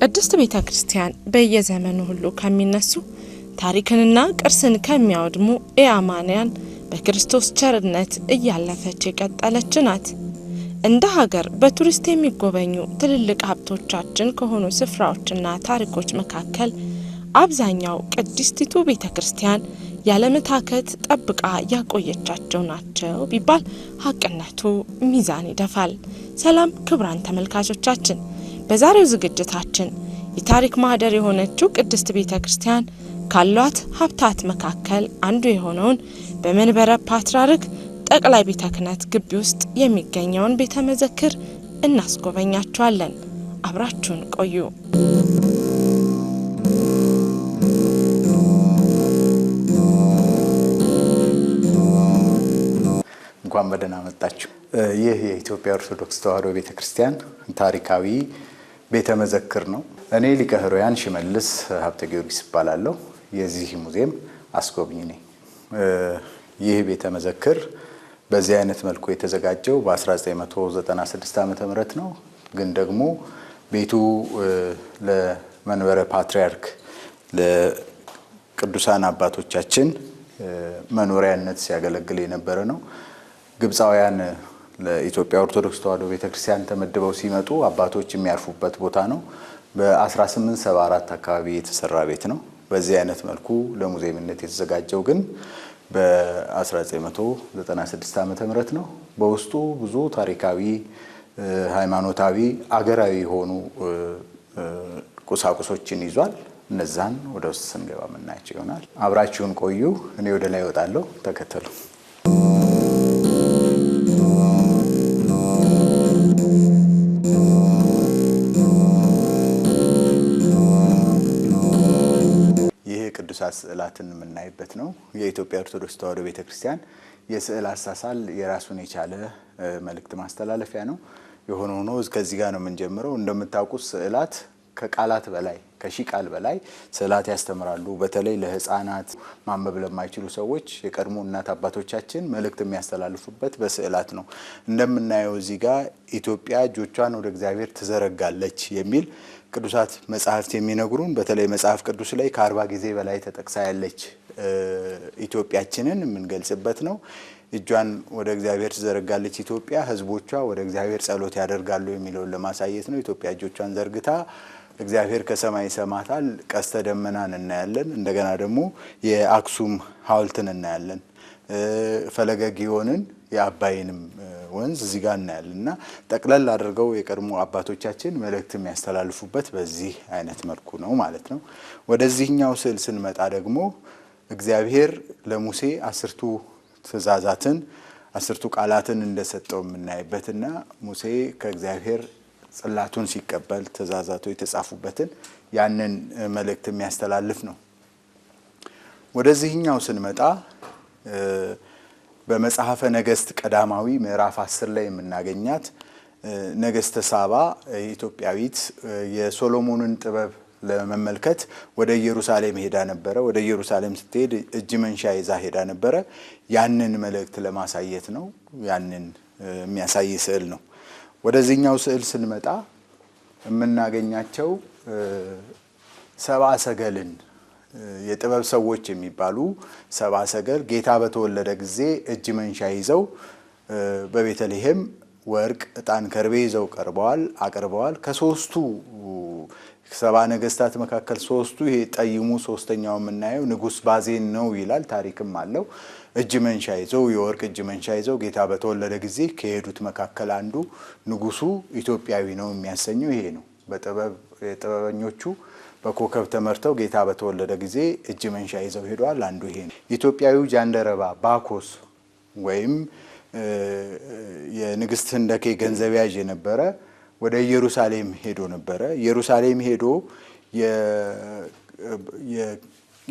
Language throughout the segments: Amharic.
ቅድስት ቤተ ክርስቲያን በየዘመኑ ሁሉ ከሚነሱ ታሪክንና ቅርስን ከሚያወድሙ ኢአማንያን በክርስቶስ ቸርነት እያለፈች የቀጠለች ናት። እንደ ሀገር በቱሪስት የሚጎበኙ ትልልቅ ሀብቶቻችን ከሆኑ ስፍራዎችና ታሪኮች መካከል አብዛኛው ቅድስቲቱ ቤተ ክርስቲያን ያለመታከት ጠብቃ ያቆየቻቸው ናቸው ቢባል ሀቅነቱ ሚዛን ይደፋል። ሰላም ክቡራን ተመልካቾቻችን፣ በዛሬው ዝግጅታችን የታሪክ ማህደር የሆነችው ቅድስት ቤተ ክርስቲያን ካሏት ሀብታት መካከል አንዱ የሆነውን በመንበረ ፓትርያርክ ጠቅላይ ቤተ ክህነት ግቢ ውስጥ የሚገኘውን ቤተ መዘክር እናስጎበኛችኋለን። አብራችሁን ቆዩ። እንኳን በደህና መጣችሁ። ይህ የኢትዮጵያ ኦርቶዶክስ ተዋሕዶ ቤተ ክርስቲያን ታሪካዊ ቤተ መዘክር ነው። እኔ ሊቀ ሕሩያን ሽመልስ ሀብተ ጊዮርጊስ እባላለሁ። የዚህ ሙዚየም አስጎብኝ ነኝ። ይህ ቤተ መዘክር በዚህ አይነት መልኩ የተዘጋጀው በ1996 ዓ ም ነው። ግን ደግሞ ቤቱ ለመንበረ ፓትርያርክ ለቅዱሳን አባቶቻችን መኖሪያነት ሲያገለግል የነበረ ነው። ግብፃውያን ለኢትዮጵያ ኦርቶዶክስ ተዋሕዶ ቤተክርስቲያን ተመድበው ሲመጡ አባቶች የሚያርፉበት ቦታ ነው። በ1874 አካባቢ የተሰራ ቤት ነው። በዚህ አይነት መልኩ ለሙዚየምነት የተዘጋጀው ግን በ1996 ዓ ም ነው። በውስጡ ብዙ ታሪካዊ፣ ሃይማኖታዊ፣ አገራዊ የሆኑ ቁሳቁሶችን ይዟል። እነዛን ወደ ውስጥ ስንገባ ምናያቸው ይሆናል። አብራችሁን ቆዩ። እኔ ወደ ላይ እወጣለሁ። ተከተሉ። ስዕላትን የምናይበት ነው። የኢትዮጵያ ኦርቶዶክስ ተዋሕዶ ቤተ ክርስቲያን የስዕል አሳሳል የራሱን የቻለ መልእክት ማስተላለፊያ ነው። የሆነ ሆኖ ከዚህ ጋር ነው የምንጀምረው። እንደምታውቁት ስዕላት ከቃላት በላይ ከሺ ቃል በላይ ስዕላት ያስተምራሉ። በተለይ ለህፃናት፣ ማንበብ ለማይችሉ ሰዎች የቀድሞ እናት አባቶቻችን መልእክት የሚያስተላልፉበት በስዕላት ነው። እንደምናየው እዚህ ጋር ኢትዮጵያ እጆቿን ወደ እግዚአብሔር ትዘረጋለች የሚል ቅዱሳት መጽሐፍት የሚነግሩን በተለይ መጽሐፍ ቅዱስ ላይ ከአርባ ጊዜ በላይ ተጠቅሳ ያለች ኢትዮጵያችንን የምንገልጽበት ነው። እጇን ወደ እግዚአብሔር ትዘረጋለች ኢትዮጵያ፣ ህዝቦቿ ወደ እግዚአብሔር ጸሎት ያደርጋሉ የሚለውን ለማሳየት ነው። ኢትዮጵያ እጆቿን ዘርግታ እግዚአብሔር ከሰማይ ይሰማታል። ቀስተ ደመናን እናያለን። እንደገና ደግሞ የአክሱም ሐውልትን እናያለን። ፈለገ ጊዮንን የአባይንም ወንዝ እዚህ ጋር እናያለን እና ጠቅለል አድርገው የቀድሞ አባቶቻችን መልእክት የሚያስተላልፉበት በዚህ አይነት መልኩ ነው ማለት ነው። ወደዚህኛው ስዕል ስንመጣ ደግሞ እግዚአብሔር ለሙሴ አስርቱ ትእዛዛትን አስርቱ ቃላትን እንደሰጠው የምናይበትና ሙሴ ከእግዚአብሔር ጽላቱን ሲቀበል ትእዛዛቱ የተጻፉበትን ያንን መልእክት የሚያስተላልፍ ነው። ወደዚህኛው ስንመጣ በመጽሐፈ ነገስት ቀዳማዊ ምዕራፍ አስር ላይ የምናገኛት ነገስተ ሳባ ኢትዮጵያዊት የሶሎሞንን ጥበብ ለመመልከት ወደ ኢየሩሳሌም ሄዳ ነበረ። ወደ ኢየሩሳሌም ስትሄድ እጅ መንሻ ይዛ ሄዳ ነበረ። ያንን መልእክት ለማሳየት ነው። ያንን የሚያሳይ ስዕል ነው። ወደዚህኛው ስዕል ስንመጣ የምናገኛቸው ሰብአ ሰገልን የጥበብ ሰዎች የሚባሉ ሰብአ ሰገል ጌታ በተወለደ ጊዜ እጅ መንሻ ይዘው በቤተልሔም ወርቅ፣ እጣን፣ ከርቤ ይዘው ቀርበዋል አቅርበዋል። ከሶስቱ ሰባ ነገስታት መካከል ሶስቱ ይሄ ጠይሙ ሶስተኛው የምናየው ንጉስ ባዜን ነው ይላል። ታሪክም አለው። እጅ መንሻ ይዘው የወርቅ እጅ መንሻ ይዘው ጌታ በተወለደ ጊዜ ከሄዱት መካከል አንዱ ንጉሱ ኢትዮጵያዊ ነው የሚያሰኘው ይሄ ነው። በጥበበኞቹ በኮከብ ተመርተው ጌታ በተወለደ ጊዜ እጅ መንሻ ይዘው ሄደዋል። አንዱ ይሄ ነው። ኢትዮጵያዊው ጃንደረባ ባኮስ ወይም ንግስት ህንደኬ ገንዘብ ያዥ የነበረ ወደ ኢየሩሳሌም ሄዶ ነበረ። ኢየሩሳሌም ሄዶ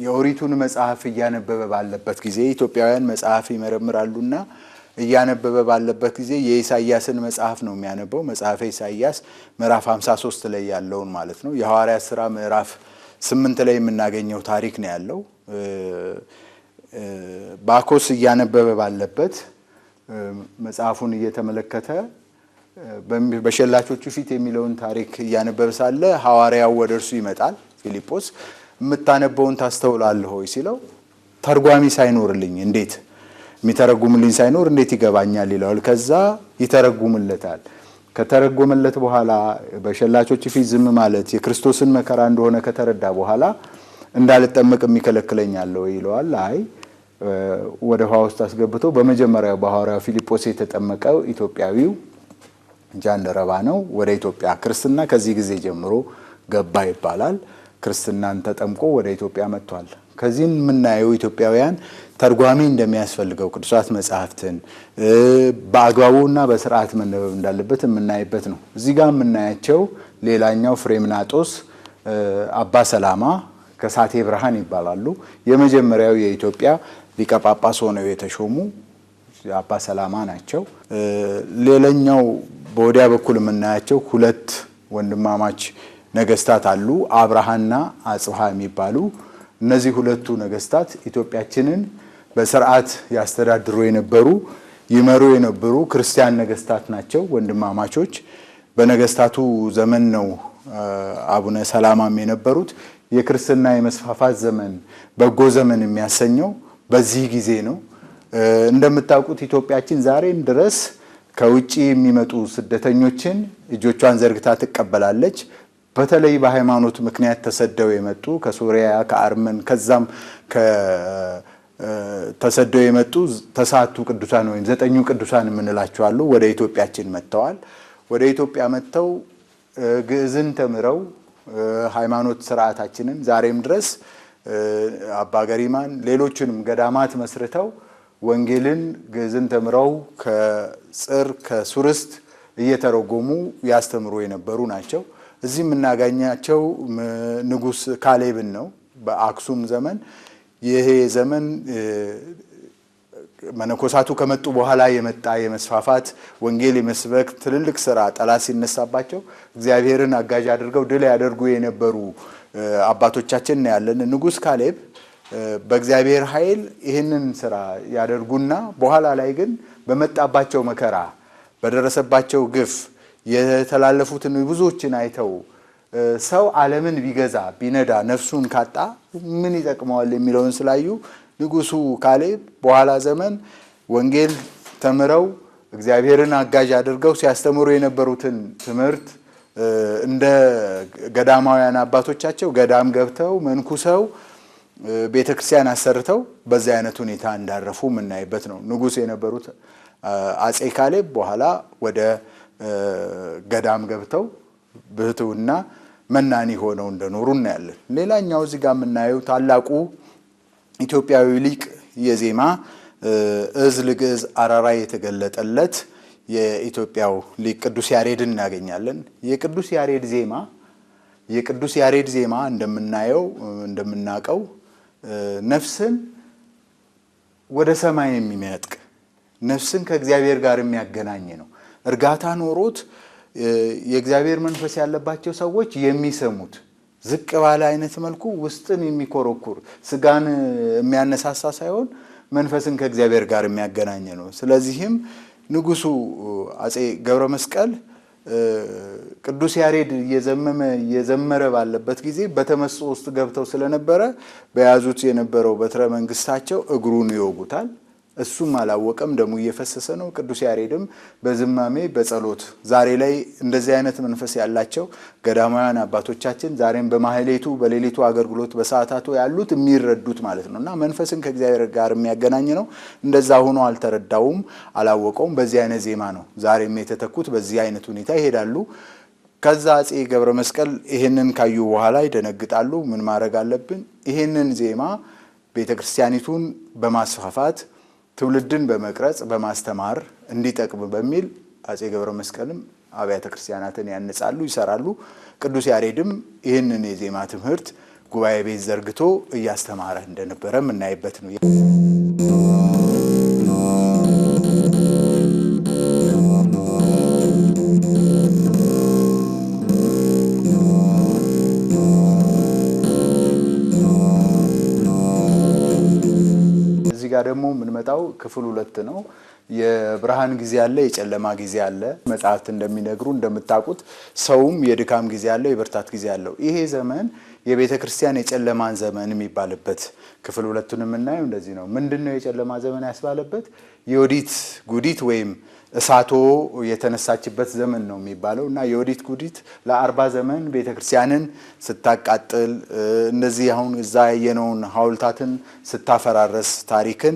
የኦሪቱን መጽሐፍ እያነበበ ባለበት ጊዜ ኢትዮጵያውያን መጽሐፍ ይመረምራሉና እያነበበ ባለበት ጊዜ የኢሳያስን መጽሐፍ ነው የሚያነበው። መጽሐፈ ኢሳያስ ምዕራፍ 53 ላይ ያለውን ማለት ነው። የሐዋርያት ስራ ምዕራፍ 8 ላይ የምናገኘው ታሪክ ነው ያለው። ባኮስ እያነበበ ባለበት መጽሐፉን እየተመለከተ በሸላቾቹ ፊት የሚለውን ታሪክ እያነበበ ሳለ ሐዋርያው ወደ እርሱ ይመጣል። ፊልጶስ የምታነበውን ታስተውላለህ ሆይ ሲለው ተርጓሚ ሳይኖርልኝ እንዴት የሚተረጉምልኝ ሳይኖር እንዴት ይገባኛል ይለዋል። ከዛ ይተረጉምለታል። ከተረጎመለት በኋላ በሸላቾች ፊት ዝም ማለት የክርስቶስን መከራ እንደሆነ ከተረዳ በኋላ እንዳልጠመቅ የሚከለክለኛል ወይ ይለዋል። አይ ወደ ውሃ ውስጥ አስገብቶ በመጀመሪያው በሐዋርያው ፊልጶስ የተጠመቀው ኢትዮጵያዊው ጃንደረባ ነው። ወደ ኢትዮጵያ ክርስትና ከዚህ ጊዜ ጀምሮ ገባ ይባላል። ክርስትናን ተጠምቆ ወደ ኢትዮጵያ መጥቷል። ከዚህም የምናየው ኢትዮጵያውያን ተርጓሚ እንደሚያስፈልገው ቅዱሳት መጽሐፍትን በአግባቡና በስርዓት መነበብ እንዳለበት የምናይበት ነው። እዚህ ጋር የምናያቸው ሌላኛው ፍሬምናጦስ አባ ሰላማ ከሳቴ ብርሃን ይባላሉ። የመጀመሪያው የኢትዮጵያ ሊቀ ጳጳስ ሆነው የተሾሙ አባ ሰላማ ናቸው። ሌላኛው በወዲያ በኩል የምናያቸው ሁለት ወንድማማች ነገስታት አሉ፣ አብርሃና አጽብሃ የሚባሉ እነዚህ ሁለቱ ነገስታት ኢትዮጵያችንን በስርዓት ያስተዳድሩ የነበሩ ይመሩ የነበሩ ክርስቲያን ነገስታት ናቸው። ወንድማማቾች በነገስታቱ ዘመን ነው አቡነ ሰላማም የነበሩት። የክርስትና የመስፋፋት ዘመን በጎ ዘመን የሚያሰኘው በዚህ ጊዜ ነው። እንደምታውቁት ኢትዮጵያችን ዛሬም ድረስ ከውጭ የሚመጡ ስደተኞችን እጆቿን ዘርግታ ትቀበላለች። በተለይ በሃይማኖት ምክንያት ተሰደው የመጡ ከሱሪያ፣ ከአርመን ከዛም ተሰደው የመጡ ተስዓቱ ቅዱሳን ወይም ዘጠኙ ቅዱሳን የምንላቸው አሉ። ወደ ኢትዮጵያችን መጥተዋል። ወደ ኢትዮጵያ መጥተው ግዕዝን ተምረው ሃይማኖት ስርዓታችንን ዛሬም ድረስ አባ ገሪማን ሌሎችንም ገዳማት መስርተው ወንጌልን ግዕዝን ተምረው ከጽር ከሱርስት እየተረጎሙ ያስተምሩ የነበሩ ናቸው። እዚህ የምናገኛቸው ንጉስ ካሌብን ነው። በአክሱም ዘመን ይሄ ዘመን መነኮሳቱ ከመጡ በኋላ የመጣ የመስፋፋት ወንጌል የመስበክ ትልልቅ ስራ ጠላት ሲነሳባቸው እግዚአብሔርን አጋዥ አድርገው ድል ያደርጉ የነበሩ አባቶቻችን ያለን ንጉስ ካሌብ በእግዚአብሔር ኃይል ይህንን ስራ ያደርጉና በኋላ ላይ ግን በመጣባቸው መከራ በደረሰባቸው ግፍ የተላለፉትን ብዙዎችን አይተው ሰው ዓለምን ቢገዛ ቢነዳ ነፍሱን ካጣ ምን ይጠቅመዋል የሚለውን ስላዩ ንጉሱ ካሌብ በኋላ ዘመን ወንጌል ተምረው እግዚአብሔርን አጋዥ አድርገው ሲያስተምሩ የነበሩትን ትምህርት እንደ ገዳማውያን አባቶቻቸው ገዳም ገብተው መንኩሰው ቤተ ክርስቲያን አሰርተው በዚህ አይነት ሁኔታ እንዳረፉ የምናይበት ነው። ንጉሥ የነበሩት አጼ ካሌብ በኋላ ወደ ገዳም ገብተው ብህትውና መናኒ ሆነው እንደኖሩ እናያለን። ሌላኛው እዚህ ጋር የምናየው ታላቁ ኢትዮጵያዊ ሊቅ የዜማ እዝ ልግዕዝ አራራይ የተገለጠለት የኢትዮጵያው ሊቅ ቅዱስ ያሬድ እናገኛለን። የቅዱስ ያሬድ ዜማ የቅዱስ ያሬድ ዜማ እንደምናየው እንደምናቀው ነፍስን ወደ ሰማይ የሚመጥቅ ነፍስን ከእግዚአብሔር ጋር የሚያገናኝ ነው። እርጋታ ኖሮት የእግዚአብሔር መንፈስ ያለባቸው ሰዎች የሚሰሙት ዝቅ ባለ አይነት መልኩ ውስጥን የሚኮረኩር ስጋን የሚያነሳሳ ሳይሆን መንፈስን ከእግዚአብሔር ጋር የሚያገናኝ ነው። ስለዚህም ንጉሱ አጼ ገብረ መስቀል ቅዱስ ያሬድ እየዘመመ እየዘመረ ባለበት ጊዜ በተመስጦ ውስጥ ገብተው ስለነበረ በያዙት የነበረው በትረ መንግስታቸው እግሩን ይወጉታል። እሱም አላወቀም። ደሙ እየፈሰሰ ነው። ቅዱስ ያሬድም በዝማሜ በጸሎት ዛሬ ላይ እንደዚህ አይነት መንፈስ ያላቸው ገዳማውያን አባቶቻችን ዛሬም በማህሌቱ በሌሊቱ አገልግሎት በሰዓታቱ ያሉት የሚረዱት ማለት ነው እና መንፈስን ከእግዚአብሔር ጋር የሚያገናኝ ነው። እንደዛ ሆኖ አልተረዳውም፣ አላወቀውም። በዚህ አይነት ዜማ ነው ዛሬም የተተኩት። በዚህ አይነት ሁኔታ ይሄዳሉ። ከዛ አፄ ገብረ መስቀል ይሄንን ካዩ በኋላ ይደነግጣሉ። ምን ማድረግ አለብን? ይሄንን ዜማ ቤተ ክርስቲያኒቱን በማስፋፋት ትውልድን በመቅረጽ በማስተማር እንዲጠቅም በሚል አፄ ገብረ መስቀልም አብያተ ክርስቲያናትን ያንጻሉ፣ ይሰራሉ። ቅዱስ ያሬድም ይህንን የዜማ ትምህርት ጉባኤ ቤት ዘርግቶ እያስተማረ እንደነበረ የምናይበት ነው። የምንመጣው ክፍል ሁለት ነው። የብርሃን ጊዜ አለ፣ የጨለማ ጊዜ አለ። መጽሐፍት እንደሚነግሩ እንደምታውቁት ሰውም የድካም ጊዜ አለው፣ የብርታት ጊዜ አለው። ይሄ ዘመን የቤተ ክርስቲያን የጨለማን ዘመን የሚባልበት ክፍል ሁለቱን የምናየው እንደዚህ ነው። ምንድን ነው የጨለማ ዘመን ያስባለበት? የወዲት ጉዲት ወይም እሳቶ የተነሳችበት ዘመን ነው የሚባለው እና የወዲት ጉዲት ለአርባ ዘመን ቤተ ክርስቲያንን ስታቃጥል እነዚህ አሁን እዛ ያየነውን ሐውልታትን ስታፈራረስ ታሪክን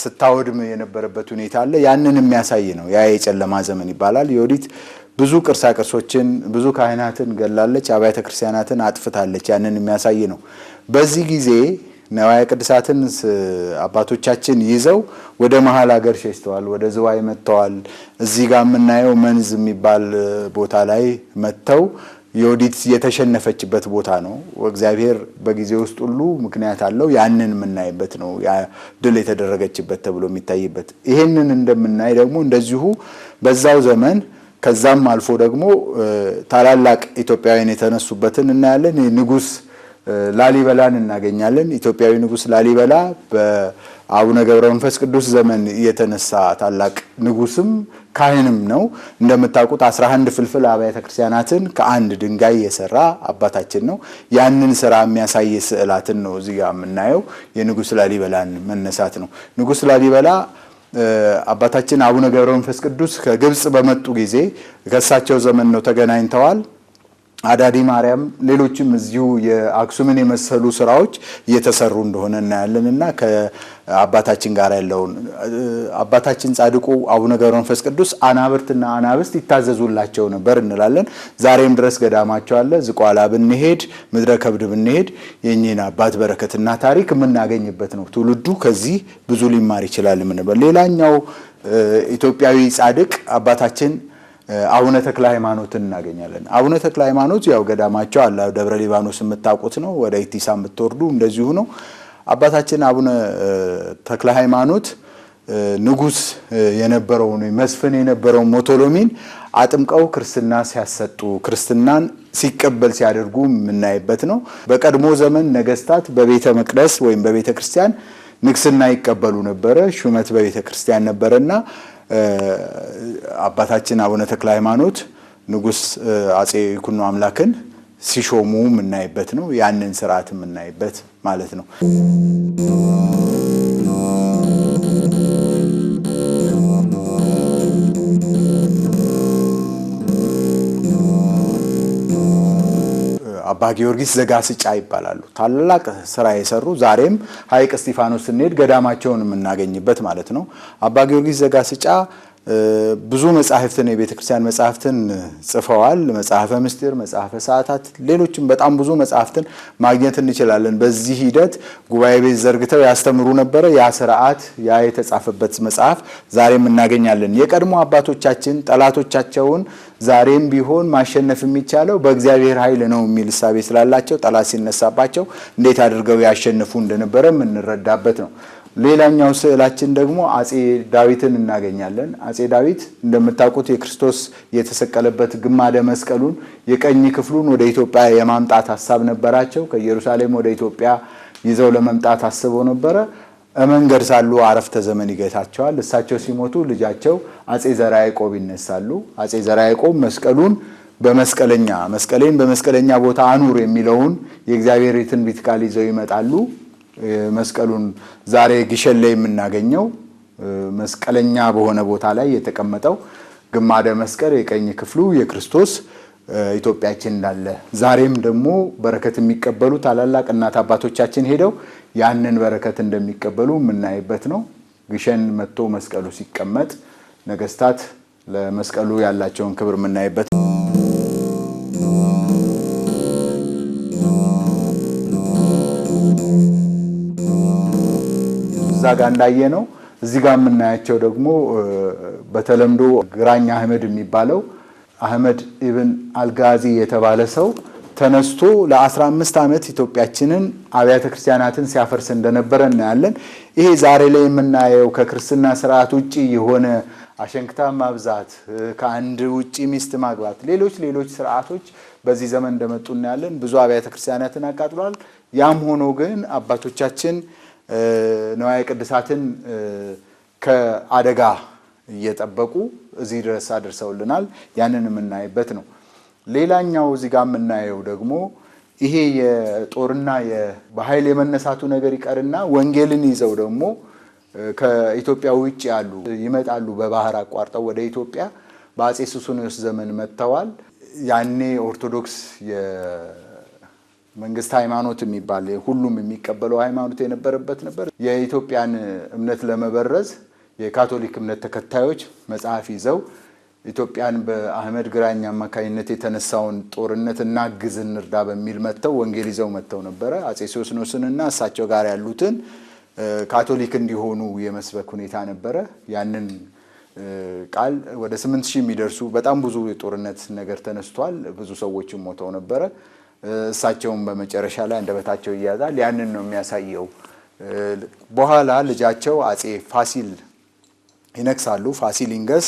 ስታወድም የነበረበት ሁኔታ አለ። ያንን የሚያሳይ ነው። ያ የጨለማ ዘመን ይባላል። የወዲት ብዙ ቅርሳ ቅርሶችን ብዙ ካህናትን ገላለች፣ አብያተ ክርስቲያናትን አጥፍታለች። ያንን የሚያሳይ ነው። በዚህ ጊዜ ነዋየ ቅድሳትን አባቶቻችን ይዘው ወደ መሀል ሀገር ሸሽተዋል። ወደ ዝዋይ መጥተዋል። እዚህ ጋር የምናየው መንዝ የሚባል ቦታ ላይ መጥተው የወዲት የተሸነፈችበት ቦታ ነው። እግዚአብሔር በጊዜ ውስጥ ሁሉ ምክንያት አለው። ያንን የምናይበት ነው ድል የተደረገችበት ተብሎ የሚታይበት። ይሄንን እንደምናይ ደግሞ እንደዚሁ በዛው ዘመን ከዛም አልፎ ደግሞ ታላላቅ ኢትዮጵያውያን የተነሱበትን እናያለን። ንጉስ ላሊበላን እናገኛለን። ኢትዮጵያዊ ንጉስ ላሊበላ በአቡነ ገብረ መንፈስ ቅዱስ ዘመን የተነሳ ታላቅ ንጉስም። ካህንም ነው። እንደምታውቁት አስራ ፍልፍል አብያተ ክርስቲያናትን ከአንድ ድንጋይ የሰራ አባታችን ነው። ያንን ስራ የሚያሳይ ስዕላትን ነው እዚህ ጋር የምናየው። የንጉስ ላሊበላን መነሳት ነው። ንጉስ ላሊበላ አባታችን አቡነ ገብረ መንፈስ ቅዱስ ከግብፅ በመጡ ጊዜ ከእሳቸው ዘመን ነው ተገናኝተዋል። አዳዲ ማርያም፣ ሌሎችም እዚሁ የአክሱምን የመሰሉ ስራዎች እየተሰሩ እንደሆነ እናያለን እና ከአባታችን ጋር ያለውን አባታችን ጻድቁ አቡነ ገብረ መንፈስ ቅዱስ አናብርትና አናብስት ይታዘዙላቸው ነበር እንላለን። ዛሬም ድረስ ገዳማቸው አለ። ዝቋላ ብንሄድ፣ ምድረ ከብድ ብንሄድ የእኚህን አባት በረከትና ታሪክ የምናገኝበት ነው። ትውልዱ ከዚህ ብዙ ሊማር ይችላል ምንበል ሌላኛው ኢትዮጵያዊ ጻድቅ አባታችን አቡነ ተክለ ሃይማኖትን እናገኛለን። አቡነ ተክለ ሃይማኖት ያው ገዳማቸው አለ ደብረ ሊባኖስ የምታውቁት ነው። ወደ ኢቲሳ የምትወርዱ እንደዚሁ ነው። አባታችን አቡነ ተክለ ሃይማኖት ንጉስ የነበረውን መስፍን የነበረውን ሞቶሎሚን አጥምቀው ክርስትና ሲያሰጡ ክርስትናን ሲቀበል ሲያደርጉ የምናይበት ነው። በቀድሞ ዘመን ነገስታት በቤተ መቅደስ ወይም በቤተ ክርስቲያን ንግስና ይቀበሉ ነበረ። ሹመት በቤተ ክርስቲያን ነበረና አባታችን አቡነ ተክለ ሃይማኖት ንጉስ አጼ ይኩኖ አምላክን ሲሾሙ የምናይበት ነው። ያንን ስርዓት የምናይበት ማለት ነው። አባ ጊዮርጊስ ዘጋስጫ ይባላሉ። ታላላቅ ስራ የሰሩ ዛሬም ሀይቅ እስጢፋኖስ ስንሄድ ገዳማቸውን የምናገኝበት ማለት ነው። አባ ጊዮርጊስ ዘጋስጫ ብዙ መጻሕፍትን የቤተ ክርስቲያን መጻሕፍትን ጽፈዋል። መጽሐፈ ምስጢር፣ መጽሐፈ ሰዓታት፣ ሌሎችም በጣም ብዙ መጻሕፍትን ማግኘት እንችላለን። በዚህ ሂደት ጉባኤ ቤት ዘርግተው ያስተምሩ ነበረ። ያ ስርዓት፣ ያ የተጻፈበት መጽሐፍ ዛሬም እናገኛለን። የቀድሞ አባቶቻችን ጠላቶቻቸውን ዛሬም ቢሆን ማሸነፍ የሚቻለው በእግዚአብሔር ኃይል ነው የሚል እሳቤ ስላላቸው ጠላት ሲነሳባቸው እንዴት አድርገው ያሸንፉ እንደነበረ የምንረዳበት ነው። ሌላኛው ስዕላችን ደግሞ አጼ ዳዊትን እናገኛለን። አጼ ዳዊት እንደምታውቁት የክርስቶስ የተሰቀለበት ግማደ መስቀሉን የቀኝ ክፍሉን ወደ ኢትዮጵያ የማምጣት ሀሳብ ነበራቸው። ከኢየሩሳሌም ወደ ኢትዮጵያ ይዘው ለመምጣት አስበው ነበረ። መንገድ ሳሉ አረፍተ ዘመን ይገታቸዋል። እሳቸው ሲሞቱ ልጃቸው አጼ ዘርዓ ያዕቆብ ይነሳሉ። አጼ ዘርዓ ያዕቆብ መስቀሉን በመስቀለኛ መስቀሌን በመስቀለኛ ቦታ አኑር የሚለውን የእግዚአብሔር የትንቢት ቃል ይዘው ይመጣሉ። መስቀሉን ዛሬ ግሸን ላይ የምናገኘው መስቀለኛ በሆነ ቦታ ላይ የተቀመጠው ግማደ መስቀል የቀኝ ክፍሉ የክርስቶስ ኢትዮጵያችን እንዳለ ዛሬም ደግሞ በረከት የሚቀበሉ ታላላቅ እናት አባቶቻችን ሄደው ያንን በረከት እንደሚቀበሉ የምናይበት ነው። ግሸን መጥቶ መስቀሉ ሲቀመጥ ነገስታት ለመስቀሉ ያላቸውን ክብር የምናይበት እዛ ጋር እንዳየ ነው። እዚህ ጋር የምናያቸው ደግሞ በተለምዶ ግራኝ አህመድ የሚባለው አህመድ ኢብን አልጋዚ የተባለ ሰው ተነስቶ ለ15 ዓመት ኢትዮጵያችንን አብያተ ክርስቲያናትን ሲያፈርስ እንደነበረ እናያለን። ይሄ ዛሬ ላይ የምናየው ከክርስትና ስርዓት ውጭ የሆነ አሸንክታ ማብዛት፣ ከአንድ ውጭ ሚስት ማግባት፣ ሌሎች ሌሎች ስርዓቶች በዚህ ዘመን እንደመጡ እናያለን። ብዙ አብያተ ክርስቲያናትን አቃጥሏል። ያም ሆኖ ግን አባቶቻችን ንዋየ ቅድሳትን ከአደጋ እየጠበቁ እዚህ ድረስ አድርሰውልናል። ያንን የምናይበት ነው። ሌላኛው እዚህ ጋር የምናየው ደግሞ ይሄ የጦርና በኃይል የመነሳቱ ነገር ይቀርና ወንጌልን ይዘው ደግሞ ከኢትዮጵያ ውጭ ያሉ ይመጣሉ። በባህር አቋርጠው ወደ ኢትዮጵያ በአጼ ሱስንዮስ ዘመን መጥተዋል። ያኔ ኦርቶዶክስ መንግስት ሃይማኖት የሚባል ሁሉም የሚቀበለው ሃይማኖት የነበረበት ነበር። የኢትዮጵያን እምነት ለመበረዝ የካቶሊክ እምነት ተከታዮች መጽሐፍ ይዘው ኢትዮጵያን በአህመድ ግራኝ አማካኝነት የተነሳውን ጦርነት እናግዝ እንርዳ በሚል መጥተው ወንጌል ይዘው መጥተው ነበረ። አጼ እና እሳቸው ጋር ያሉትን ካቶሊክ እንዲሆኑ የመስበክ ሁኔታ ነበረ። ያንን ቃል ወደ ስምንት ሺህ የሚደርሱ በጣም ብዙ የጦርነት ነገር ተነስቷል። ብዙ ሰዎችም ሞተው ነበረ። እሳቸውን በመጨረሻ ላይ አንደበታቸው ይያዛል። ያንን ነው የሚያሳየው። በኋላ ልጃቸው አጼ ፋሲል ይነግሳሉ። ፋሲል ይንገስ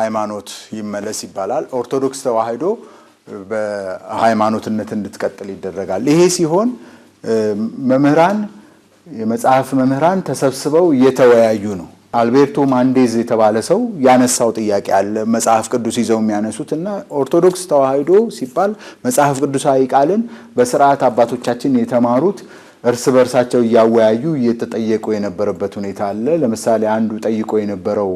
ሃይማኖት ይመለስ ይባላል። ኦርቶዶክስ ተዋህዶ በሃይማኖትነት እንድትቀጥል ይደረጋል። ይሄ ሲሆን መምህራን የመጽሐፍ መምህራን ተሰብስበው እየተወያዩ ነው። አልቤርቶ ማንዴዝ የተባለ ሰው ያነሳው ጥያቄ አለ። መጽሐፍ ቅዱስ ይዘው የሚያነሱት እና ኦርቶዶክስ ተዋህዶ ሲባል መጽሐፍ ቅዱሳዊ ቃልን በስርዓት አባቶቻችን የተማሩት እርስ በርሳቸው እያወያዩ እየተጠየቁ የነበረበት ሁኔታ አለ። ለምሳሌ አንዱ ጠይቆ የነበረው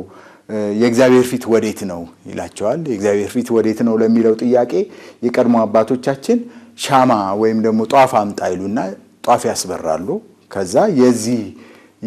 የእግዚአብሔር ፊት ወዴት ነው ይላቸዋል። የእግዚአብሔር ፊት ወዴት ነው ለሚለው ጥያቄ የቀድሞ አባቶቻችን ሻማ ወይም ደግሞ ጧፍ አምጣ ይሉና ጧፍ ያስበራሉ። ከዛ የዚህ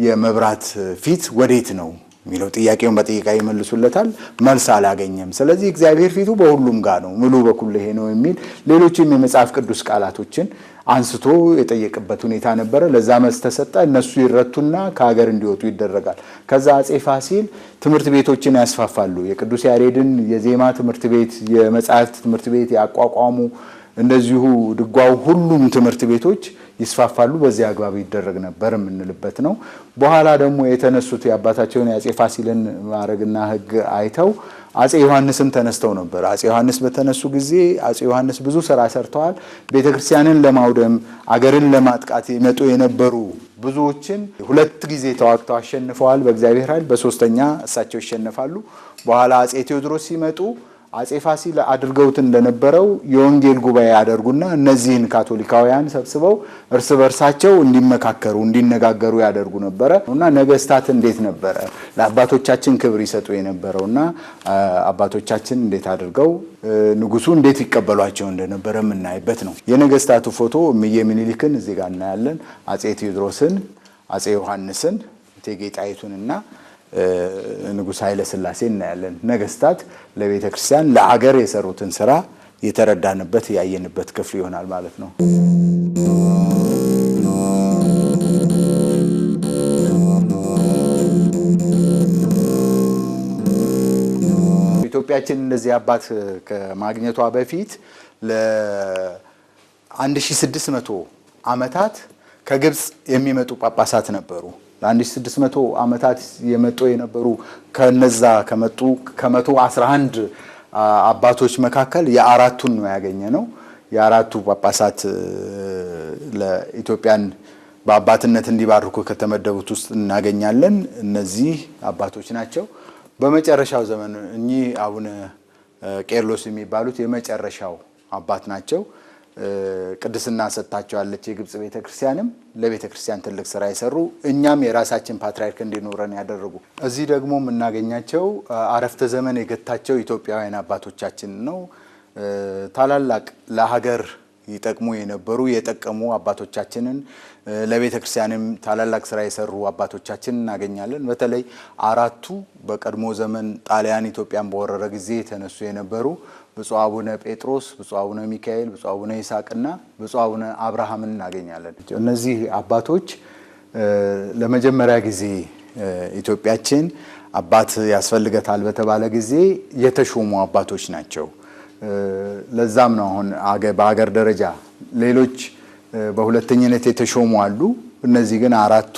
የመብራት ፊት ወዴት ነው የሚለው ጥያቄውን በጥይቃ ይመልሱለታል። መልስ አላገኘም። ስለዚህ እግዚአብሔር ፊቱ በሁሉም ጋር ነው፣ ምሉ በኩል ይሄ ነው የሚል ሌሎችም የመጽሐፍ ቅዱስ ቃላቶችን አንስቶ የጠየቅበት ሁኔታ ነበረ። ለዛ መልስ ተሰጠ። እነሱ ይረቱና ከሀገር እንዲወጡ ይደረጋል። ከዛ አፄ ፋሲል ትምህርት ቤቶችን ያስፋፋሉ። የቅዱስ ያሬድን የዜማ ትምህርት ቤት፣ የመጽሐፍት ትምህርት ቤት ያቋቋሙ እንደዚሁ ድጓው፣ ሁሉም ትምህርት ቤቶች ይስፋፋሉ፣ በዚህ አግባብ ይደረግ ነበር የምንልበት ነው። በኋላ ደግሞ የተነሱት የአባታቸውን የአጼ ፋሲልን ማድረግና ህግ አይተው አጼ ዮሐንስም ተነስተው ነበር። አጼ ዮሐንስ በተነሱ ጊዜ አጼ ዮሐንስ ብዙ ስራ ሰርተዋል። ቤተ ክርስቲያንን ለማውደም አገርን ለማጥቃት ይመጡ የነበሩ ብዙዎችን ሁለት ጊዜ ተዋግተው አሸንፈዋል በእግዚአብሔር ኃይል። በሶስተኛ እሳቸው ይሸነፋሉ። በኋላ አጼ ቴዎድሮስ ሲመጡ አጼ ፋሲል አድርገውት እንደነበረው የወንጌል ጉባኤ ያደርጉና እነዚህን ካቶሊካውያን ሰብስበው እርስ በርሳቸው እንዲመካከሩ እንዲነጋገሩ ያደርጉ ነበረ እና ነገስታት እንዴት ነበረ ለአባቶቻችን ክብር ይሰጡ የነበረው እና አባቶቻችን እንዴት አድርገው ንጉሱ እንዴት ይቀበሏቸው እንደነበረ የምናይበት ነው። የነገስታቱ ፎቶ እምዬ ምኒልክን እዚህ ጋር እናያለን። አጼ ቴዎድሮስን፣ አጼ ዮሐንስን፣ እቴጌ ጣይቱን እና ንጉሥ ኃይለ ሥላሴ እናያለን። ነገስታት ለቤተ ክርስቲያን ለአገር የሰሩትን ስራ የተረዳንበት ያየንበት ክፍል ይሆናል ማለት ነው። ኢትዮጵያችን እነዚህ አባት ከማግኘቷ በፊት ለ1600 ዓመታት ከግብፅ የሚመጡ ጳጳሳት ነበሩ። ለ1600 ዓመታት የመጡ የነበሩ ከነዛ ከመጡ ከመቶ 11 አባቶች መካከል የአራቱን ነው ያገኘ ነው። የአራቱ ጳጳሳት ለኢትዮጵያን በአባትነት እንዲባርኩ ከተመደቡት ውስጥ እናገኛለን። እነዚህ አባቶች ናቸው። በመጨረሻው ዘመን እኚህ አቡነ ቄርሎስ የሚባሉት የመጨረሻው አባት ናቸው። ቅድስና ሰጥታቸዋለች። የግብጽ ቤተ ክርስቲያንም ለቤተ ክርስቲያን ትልቅ ስራ የሰሩ እኛም የራሳችን ፓትርያርክ እንዲኖረን ያደረጉ እዚህ ደግሞ የምናገኛቸው አረፍተ ዘመን የገታቸው ኢትዮጵያውያን አባቶቻችን ነው። ታላላቅ ለሀገር ይጠቅሙ የነበሩ የጠቀሙ አባቶቻችንን ለቤተ ክርስቲያንም ታላላቅ ስራ የሰሩ አባቶቻችን እናገኛለን። በተለይ አራቱ በቀድሞ ዘመን ጣሊያን ኢትዮጵያን በወረረ ጊዜ የተነሱ የነበሩ ብፁ አቡነ ጴጥሮስ፣ ብፁዕ አቡነ ሚካኤል፣ ብፁ አቡነ ይስሐቅና ብፁዕ አቡነ አብርሃምን እናገኛለን። እነዚህ አባቶች ለመጀመሪያ ጊዜ ኢትዮጵያችን አባት ያስፈልገታል በተባለ ጊዜ የተሾሙ አባቶች ናቸው። ለዛም ነው አሁን በሀገር ደረጃ ሌሎች በሁለተኝነት የተሾሙ አሉ። እነዚህ ግን አራቱ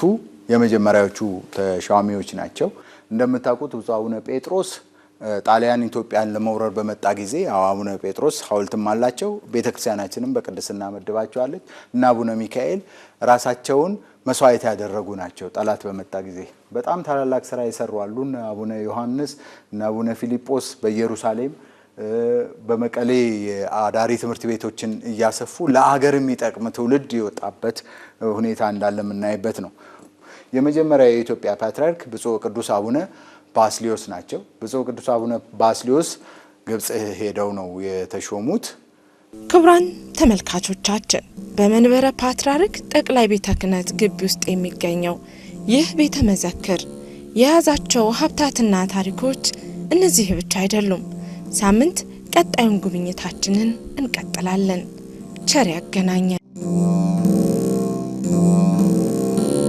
የመጀመሪያዎቹ ተሿሚዎች ናቸው። እንደምታውቁት ብፁዕ አቡነ ጴጥሮስ ጣሊያን ኢትዮጵያን ለመውረር በመጣ ጊዜ አቡነ ጴጥሮስ ሐውልትም አላቸው። ቤተክርስቲያናችንም በቅድስና መድባቸዋለች እና አቡነ ሚካኤል ራሳቸውን መስዋዕት ያደረጉ ናቸው። ጠላት በመጣ ጊዜ በጣም ታላላቅ ስራ የሰሩ አሉ። አቡነ ዮሐንስ እና አቡነ ፊልጶስ በኢየሩሳሌም በመቀሌ አዳሪ ትምህርት ቤቶችን እያሰፉ ለአገር የሚጠቅም ትውልድ የወጣበት ሁኔታ እንዳለ የምናይበት ነው። የመጀመሪያ የኢትዮጵያ ፓትርያርክ ብፁዕ ቅዱስ አቡነ ባስሊዮስ ናቸው። ብፁዕ ቅዱስ አቡነ ባስሊዮስ ግብጽ ሄደው ነው የተሾሙት። ክቡራን ተመልካቾቻችን በመንበረ ፓትርያርክ ጠቅላይ ቤተ ክህነት ግቢ ውስጥ የሚገኘው ይህ ቤተ መዘክር የያዛቸው ሀብታትና ታሪኮች እነዚህ ብቻ አይደሉም። ሳምንት ቀጣዩን ጉብኝታችንን እንቀጥላለን። ቸር ያገናኘን።